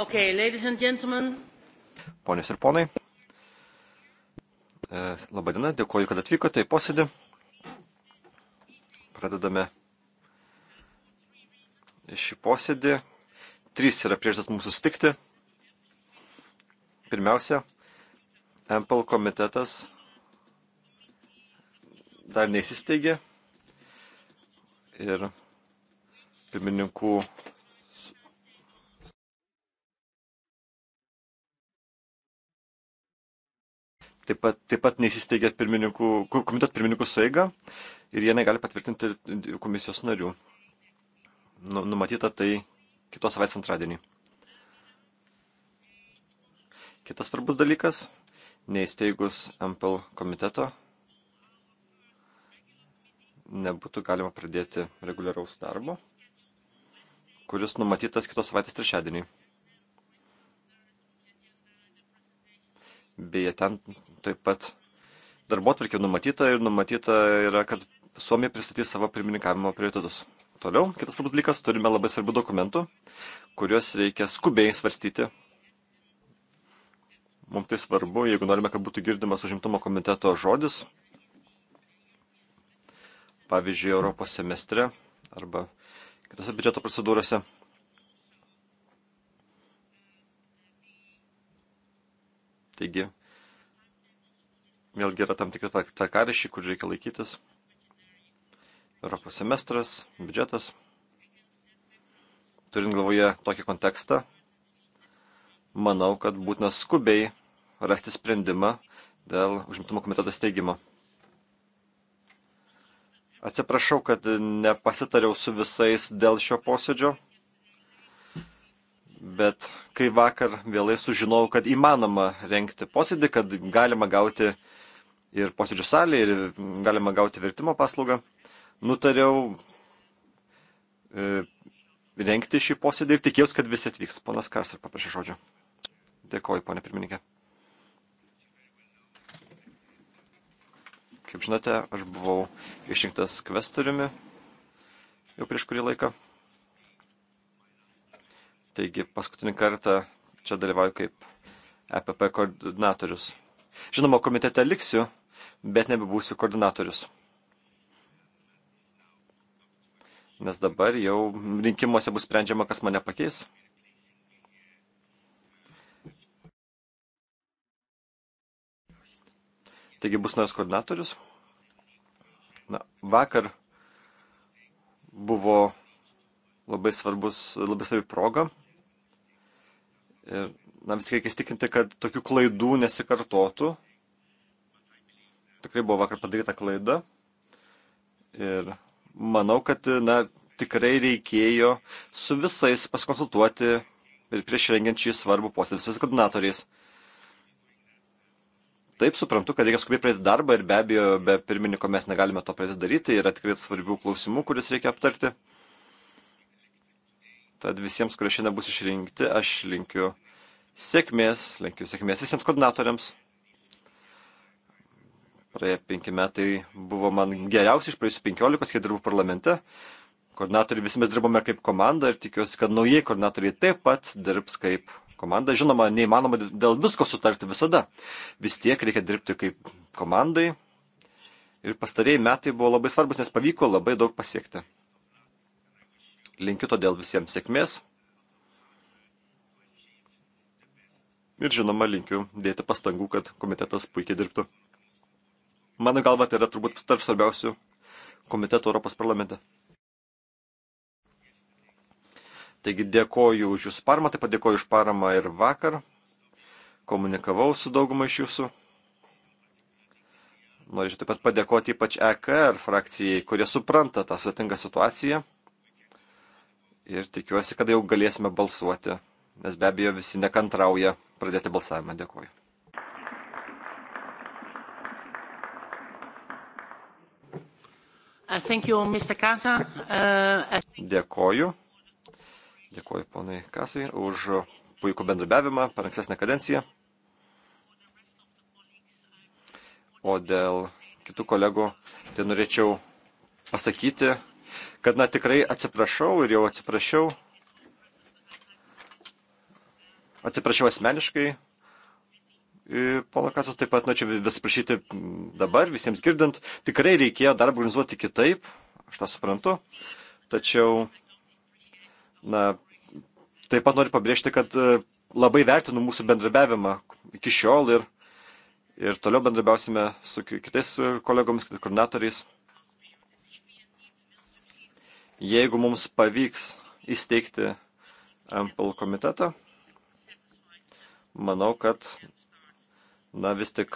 Okay, ladies and gentlemen. Ponios ir ponai. E, Labadiena, dėkuoju, kad atvykote į posėdį. Pradedame šį posėdį. Trys yra priežastis mūsų stikti. Pirmiausia, MPL komitetas dar neįsisteigė ir pirmininkų Taip pat, taip pat neįsisteigė pirmininkų, komitetų pirmininkų sueiga ir jie negali patvirtinti komisijos narių. Nu, numatyta tai kitos savaitės antradienį. Kitas svarbus dalykas - neįsteigus MPL komiteto nebūtų galima pradėti reguliaraus darbo, kuris numatytas kitos savaitės trečiadienį. Beje, ten taip pat darbo atvarkė numatyta ir numatyta yra, kad Suomija pristatys savo pirmininkavimo prioritetus. Toliau, kitas svarbus dalykas, turime labai svarbių dokumentų, kuriuos reikia skubiai svarstyti. Mums tai svarbu, jeigu norime, kad būtų girdimas užimtumo komiteto žodis, pavyzdžiui, Europos semestre arba kitose biudžeto procedūrose. Taigi, vėlgi yra tam tikri tvarkarašiai, kurių reikia laikytis. Europos semestras, biudžetas. Turint galvoje tokį kontekstą, manau, kad būtina skubiai rasti sprendimą dėl užimtumo komiteto steigimo. Atsiprašau, kad nepasitariau su visais dėl šio posėdžio. Bet kai vakar vėlai sužinojau, kad įmanoma renkti posėdį, kad galima gauti ir posėdžių salę, ir galima gauti vertimo paslaugą, nutariau e, renkti šį posėdį ir tikėjausi, kad visi atvyks. Ponas Kars ir paprašė žodžio. Dėkoju, ponė pirmininkė. Kaip žinote, aš buvau išrinktas kvestoriumi jau prieš kurį laiką. Taigi paskutinį kartą čia dalyvauju kaip EPP koordinatorius. Žinoma, komitete liksiu, bet nebebūsiu koordinatorius. Nes dabar jau rinkimuose bus sprendžiama, kas mane pakeis. Taigi bus naujas koordinatorius. Na, vakar buvo labai svarbus, labai svarbi proga Ir na, vis tik reikia stikinti, kad tokių klaidų nesikartotų. Tikrai buvo vakar padaryta klaida. Ir manau, kad na, tikrai reikėjo su visais pasikonsultuoti ir prieš rengiant šį svarbų posėdį, visais koordinatoriais. Taip, suprantu, kad reikia skubiai pradėti darbą ir be abejo, be pirmininko mes negalime to pradėti daryti, yra tikrai svarbių klausimų, kuris reikia aptarti. Tad visiems, kurie šiandien bus išrinkti, aš linkiu sėkmės, linkiu sėkmės visiems koordinatoriams. Praėję penki metai buvo man geriausi iš praėjusių penkiolikos, kai dirbau parlamente. Koordinatoriai visi mes dirbame kaip komanda ir tikiuosi, kad naujieji koordinatoriai taip pat dirbs kaip komanda. Žinoma, neįmanoma dėl visko sutarti visada. Vis tiek reikia dirbti kaip komandai. Ir pastarėjai metai buvo labai svarbus, nes pavyko labai daug pasiekti linkiu todėl visiems sėkmės. Ir žinoma, linkiu dėti pastangų, kad komitetas puikiai dirbtų. Mano galva, tai yra turbūt tarp svarbiausių komitetų Europos parlamente. Taigi dėkoju už jūsų paramą, taip pat dėkoju už paramą ir vakar. Komunikavau su dauguma iš jūsų. Norėčiau taip pat padėkoti ypač EKR frakcijai, kurie supranta tą sudėtingą situaciją ir tikiuosi, kad jau galėsime balsuoti, nes be abejo visi nekantrauja pradėti balsavimą. Dėkuoju. Uh, you, uh... Dėkoju. Dėkoju ponai Kasai už puikų bendrabiavimą per ankstesnę kadenciją. O dėl kitų kolegų, tai norėčiau pasakyti, kad, na, tikrai atsiprašau ir jau atsiprašiau. Atsiprašiau asmeniškai. E, pono Kasas taip pat norėčiau nu, vis prašyti dabar, visiems girdint, tikrai reikėjo darbą organizuoti kitaip, aš tą suprantu. Tačiau, na, taip pat noriu pabrėžti, kad e, labai vertinu mūsų bendrabiavimą iki šiol ir, ir toliau bendrabiausime su kitais kolegomis, kitais koordinatoriais. Jeigu mums pavyks įsteigti MPL komitetą, manau, kad na, vis tik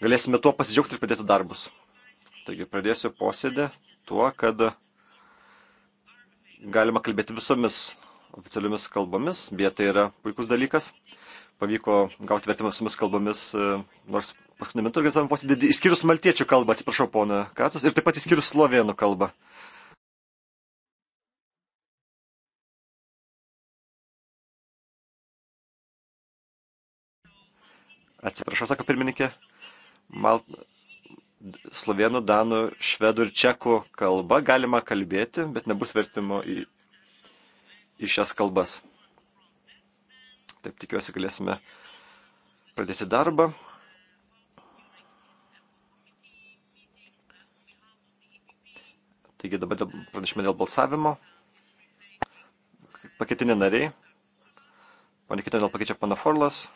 galėsime tuo pasidžiaugti ir pradėti darbus. Taigi pradėsiu posėdį tuo, kad galima kalbėti visomis oficialiomis kalbomis, beje, tai yra puikus dalykas. Pavyko gauti vertimą visomis kalbomis, e, nors paskutinį metu organizavome posėdį, išskyrus maltiečių kalbą, atsiprašau, pono Kacas, ir taip pat išskyrus slovėnų kalbą. Atsiprašau, sako pirmininkė. Mal... Slovenų, danų, švedų ir čekų kalba galima kalbėti, bet nebus vertimo į, į šias kalbas. Taip tikiuosi galėsime pradėti darbą. Taigi dabar pranešime dėl balsavimo. Paketiniai nariai. Panikita dėl pakeičia pana Forlas.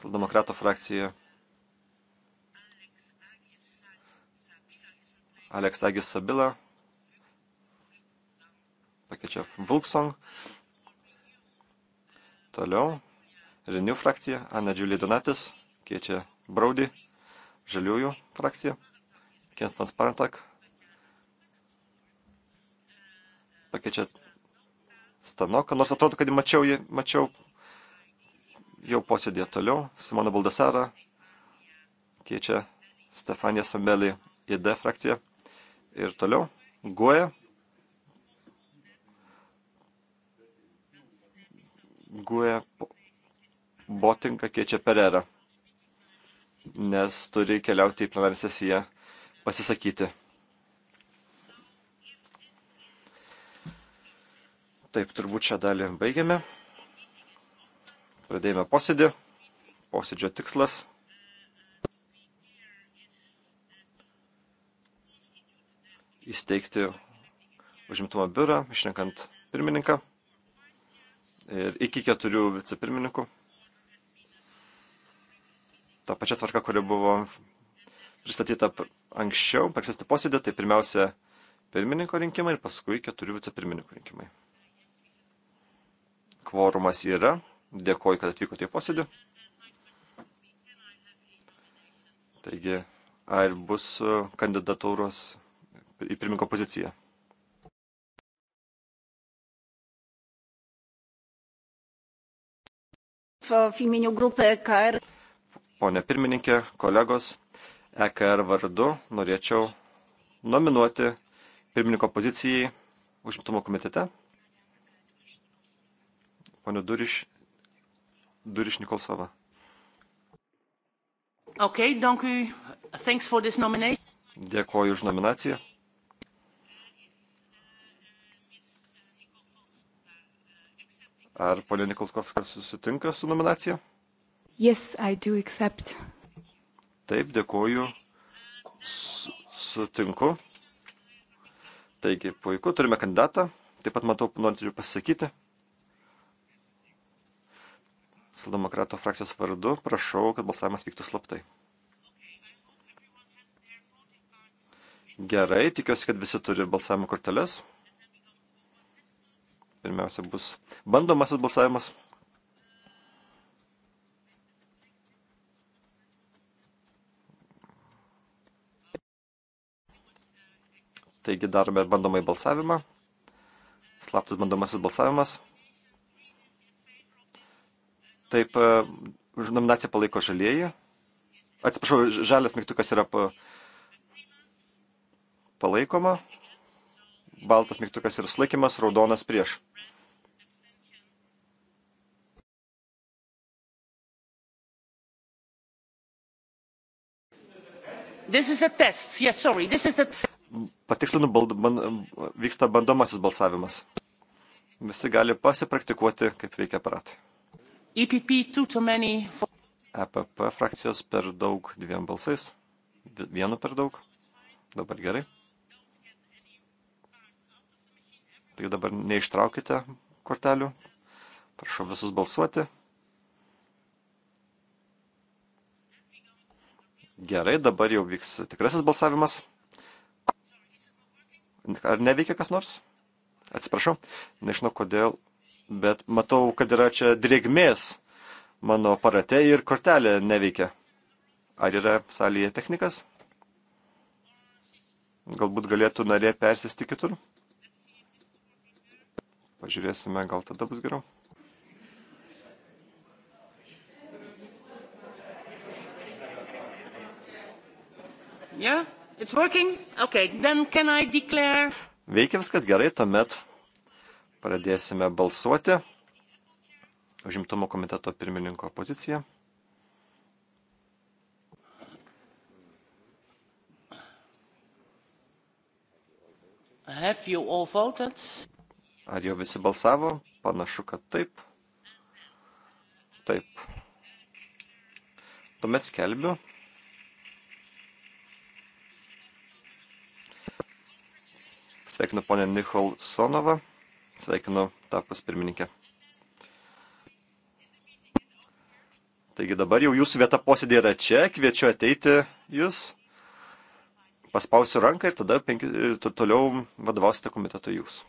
Saldemokratų frakcija. Aleks Agis Sabila pakeičia Vulksong. Toliau Renew frakcija, Ana Džiulė Donatis keičia Braudį, Žaliųjų frakcija, Kentons Parantak pakeičia Stanoką, nors atrodo, kad mačiau, jį, mačiau jau posėdė toliau su mano Baldasara, keičia Stefanija Samelį į D frakciją ir toliau Guoja. Guoja botinką keičia Pererą, nes turi keliauti į plenarinę sesiją pasisakyti. Taip, turbūt šią dalį baigiame. Pradėjome posėdį. Posėdžio tikslas. Įsteigti užimtumo biurą, išrinkant pirmininką ir iki keturių vicepirmininkų. Ta pačia tvarka, kuri buvo pristatyta anksčiau, per ankstesnį posėdį, tai pirmiausia pirmininko rinkimai ir paskui keturių vicepirmininkų rinkimai. Kvorumas yra, Dėkoju, kad atvykote į posėdį. Taigi, ar bus e, kandidatūros į pirmininko poziciją? W imieniu grupy EKR. Pone pirmininkė, kolegos, EKR vardu norėčiau nominuoti pirmininko pozicijai užimtumo komitete. Pone Duriš Duriš Nikolsova. Okay, dankui. Euh, thanks for this nomination. Dėkoju už nominaciją. Ar ponė Nikolskovskas susitinka su nominacija? Yes, I do accept. Taip, dėkoju. S sutinku. Taigi, puiku, turime kandidatą. Taip pat matau, norinčių pasakyti. Saldemokratų frakcijos vardu prašau, kad balsavimas vyktų slaptai. Gerai, tikiuosi, kad visi turi balsavimo korteles. Pirmiausia bus bandomasis balsavimas. Taigi darome bandomąjį balsavimą. Slaptas bandomasis balsavimas. Taip, e, nominaciją palaiko žalieji. Atsiprašau, žalias mygtukas yra pa... palaikoma. Baltas mygtukas yra slaikimas, raudonas prieš. Yes, the... Patikslinu, bald, ban, vyksta bandomasis balsavimas. Visi gali pasipraktikuoti, kaip veikia aparatai. EPP too too many. For... EPP frakcijos per daug dviem balsais. Vienu per daug. Dabar gerai. Tai dabar neištraukite kortelių. Prašau visus balsuoti. Gerai, dabar jau vyks tikrasis balsavimas. Ar neveikia kas nors? Atsiprašau, nežinau kodėl bet matau, kad yra čia drėgmės mano aparate ir kortelė neveikia. Ar yra salėje technikas? Galbūt galėtų narė persisti kitur? Pažiūrėsime, gal tada bus geriau. Yeah, it's working. Okay, then can I declare? Veikia viskas gerai, tuomet Pradėsime balsuoti. Užimtumo komiteto pirmininko poziciją. Ar jau visi balsavo? Panašu, kad taip. Taip. Tuomet skelbiu. Sveikinu ponę Nichol Sonovą. Sveikinu tapus pirmininkė. Taigi dabar jau jūsų vieta posėdė yra čia, kviečiu ateiti jūs, paspausiu ranką ir tada penki, toliau vadovausite komitetu jūs.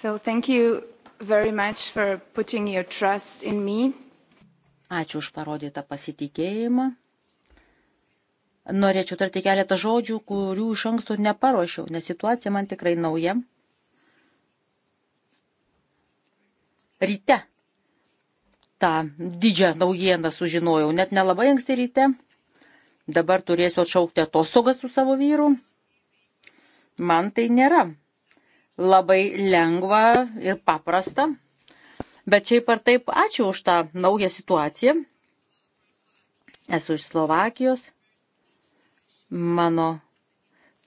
So thank you very much for putting your trust in me. Ačiū už parodytą pasitikėjimą. Norėčiau tarti keletą žodžių, kurių iš anksto neparuošiau, nes situacija man tikrai nauja. Ryte tą didžią naujieną sužinojau, net nelabai anksti ryte. Dabar turėsiu atšaukti atostogas su savo vyru. Man tai nėra labai lengva ir paprasta. Bet šiaip ar taip, ačiū už tą naują situaciją. Esu iš Slovakijos. Mano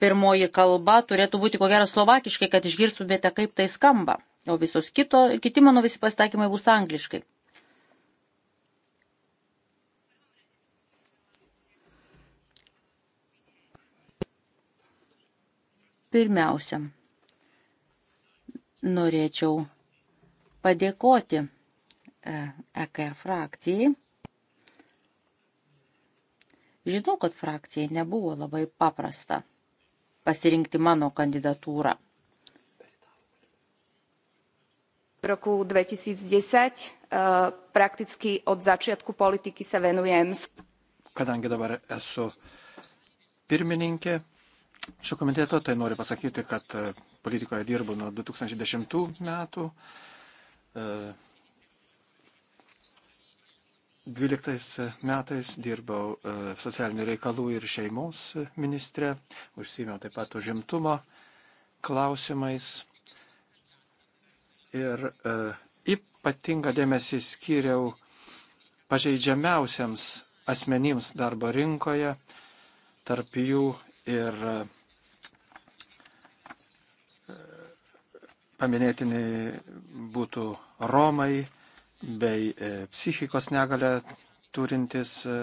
pirmoji kalba turėtų būti ko gero slovakiškai, kad išgirstumėte, kaip tai skamba. O visos kito, kiti mano visi pasakymai bus angliškai. Pirmiausia, norėčiau padėkoti EKR e frakcijai. Žinau, kad frakcijai nebuvo labai paprasta pasirinkti mano kandidatūrą. V roku 2010 e, prakticky od začiatku politiky sa venujem. Kadangi dabar esu pirmininkė šio komiteto, tai noriu pasakyti, kad e, politikoje dirbu nuo 2010 metų. 12 e, metais dirbau e, socialinių reikalų ir šeimos ministrė, užsimiau taip pat užimtumo klausimais ir e, ypatingą dėmesį skiriau pažeidžiamiausiams asmenims darbo rinkoje, tarp jų ir paminėtini būtų Romai bei e, psichikos negalę turintis e,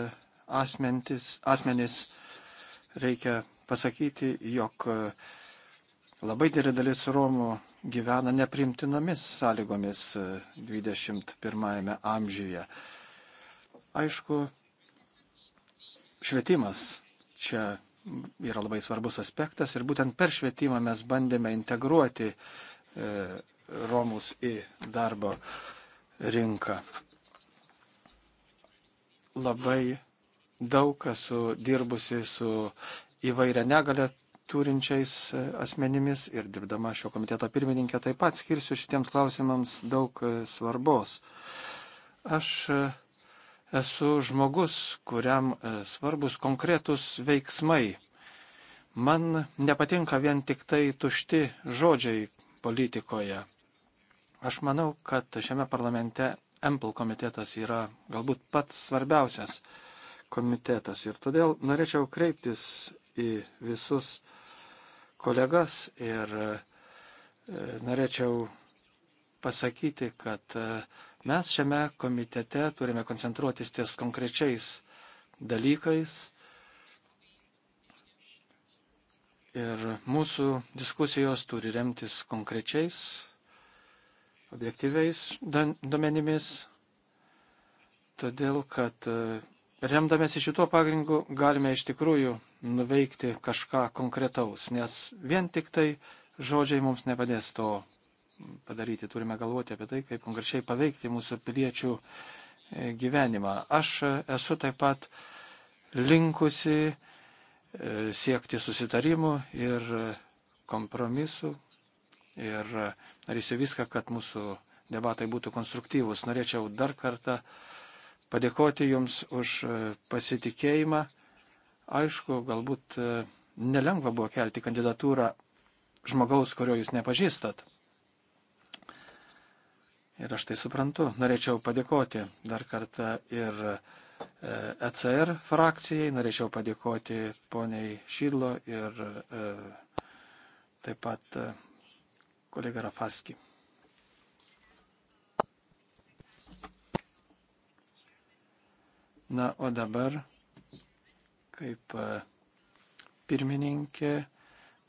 asmentis, asmenys. Reikia pasakyti, jog e, labai didelė dalis Romų gyvena neprimtinomis sąlygomis 21 amžiuje. Aišku, švietimas čia yra labai svarbus aspektas ir būtent per švietimą mes bandėme integruoti uh, E, Romus į darbo rinką. Labai daug esu dirbusi su įvairia negalė turinčiais asmenimis ir dirbdama šio komiteto pirmininkė taip pat skirsiu šitiems klausimams daug svarbos. Aš esu žmogus, kuriam svarbus konkretus veiksmai. Man nepatinka vien tik tai tušti žodžiai, politikoje. Aš manau, kad šiame parlamente Empl komitetas yra galbūt pats svarbiausias komitetas ir todėl norėčiau kreiptis į visus kolegas ir e, norėčiau pasakyti, kad e, mes šiame komitete turime koncentruotis ties konkrečiais dalykais Ir mūsų diskusijos turi remtis konkrečiais, objektyviais duomenimis, todėl kad e, remdamėsi šituo pagrindu galime iš tikrųjų nuveikti kažką konkretaus, nes vien tik tai žodžiai mums nepadės to padaryti. Turime galvoti apie tai, kaip konkrečiai paveikti mūsų piliečių e, gyvenimą. Aš e, esu taip pat linkusi E, siekti susitarimų ir kompromisų ir darysiu viską, kad mūsų debatai būtų konstruktyvūs. Norėčiau dar kartą padėkoti Jums už e, pasitikėjimą. Aišku, galbūt e, nelengva buvo kelti kandidatūrą žmogaus, kurio Jūs nepažįstat. Ir aš tai suprantu. Norėčiau padėkoti dar kartą ir ECR frakcijai. Norėčiau padėkoti poniai Šydlo ir e, taip pat e, kolega Rafaski. Na, o dabar, kaip e, pirmininkė,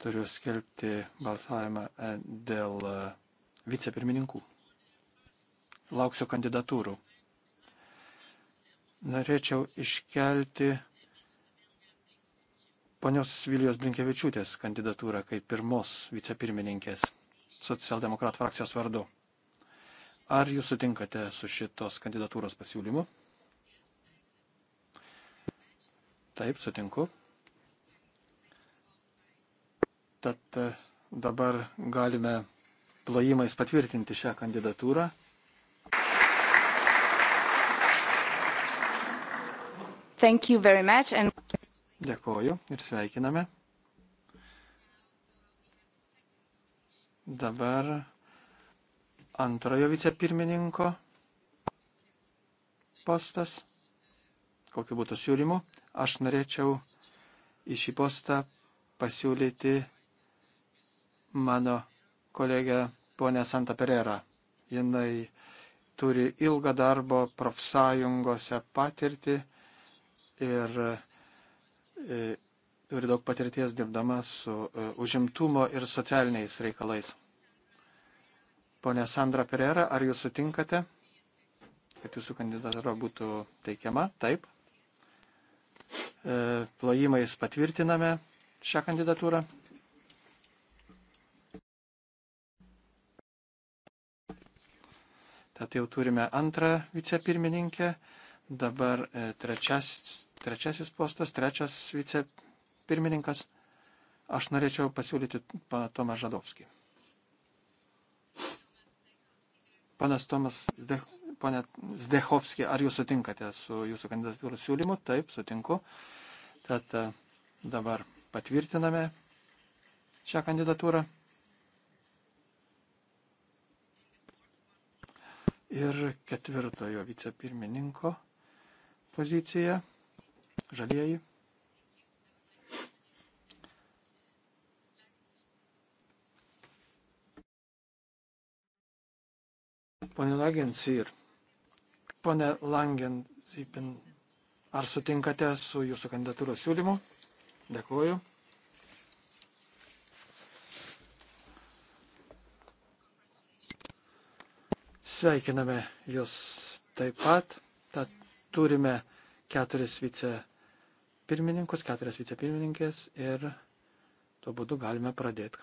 turiu skelbti balsavimą dėl vicepirmininkų. Lauksiu kandidatūrų norėčiau iškelti ponios Vilijos Blinkevičiūtės kandidatūrą kaip pirmos vicepirmininkės socialdemokratų frakcijos vardu. Ar jūs sutinkate su šitos kandidatūros pasiūlymu? Taip, sutinku. Tad e, dabar galime plojimais patvirtinti šią kandidatūrą. Thank you very much. And... Dėkoju ir sveikiname. Dabar antrojo vicepirmininko postas. Kokiu būtų siūlymu? Aš norėčiau į šį postą pasiūlyti mano kolegę ponę Santa Perera. Jinai turi ilgą darbo profsąjungose patirtį ir e, turi daug patirties dirbdama su e, užimtumo ir socialiniais reikalais. Pone Sandra Pereira, ar jūs sutinkate, kad jūsų kandidatūra būtų teikiama? Taip. E, plojimais patvirtiname šią kandidatūrą. Tad jau turime antrą vicepirmininkę, dabar trečias, trečiasis postas, trečias vicepirmininkas. Aš norėčiau pasiūlyti pana Tomą Žadovskį. Panas Tomas Zdech, ponė Zdechovski, ar jūs sutinkate su jūsų kandidatūrų siūlymu? Taip, sutinku. Tad e, dabar patvirtiname šią kandidatūrą. Ir ketvirtojo vicepirmininko pozicija žalieji. Pone Lagensir, pone Langensipin, ar sutinkate su jūsų kandidatūros siūlymu? Dėkuoju. Sveikiname jūs taip pat. Tad turime keturis vice pirmininkus, keturias vicepirmininkės ir tuo būdu galime pradėti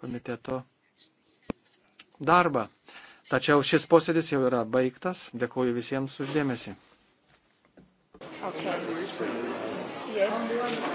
komiteto darbą. Tačiau šis posėdis jau yra baigtas. Dėkuoju visiems uždėmesį. Okay. Yes.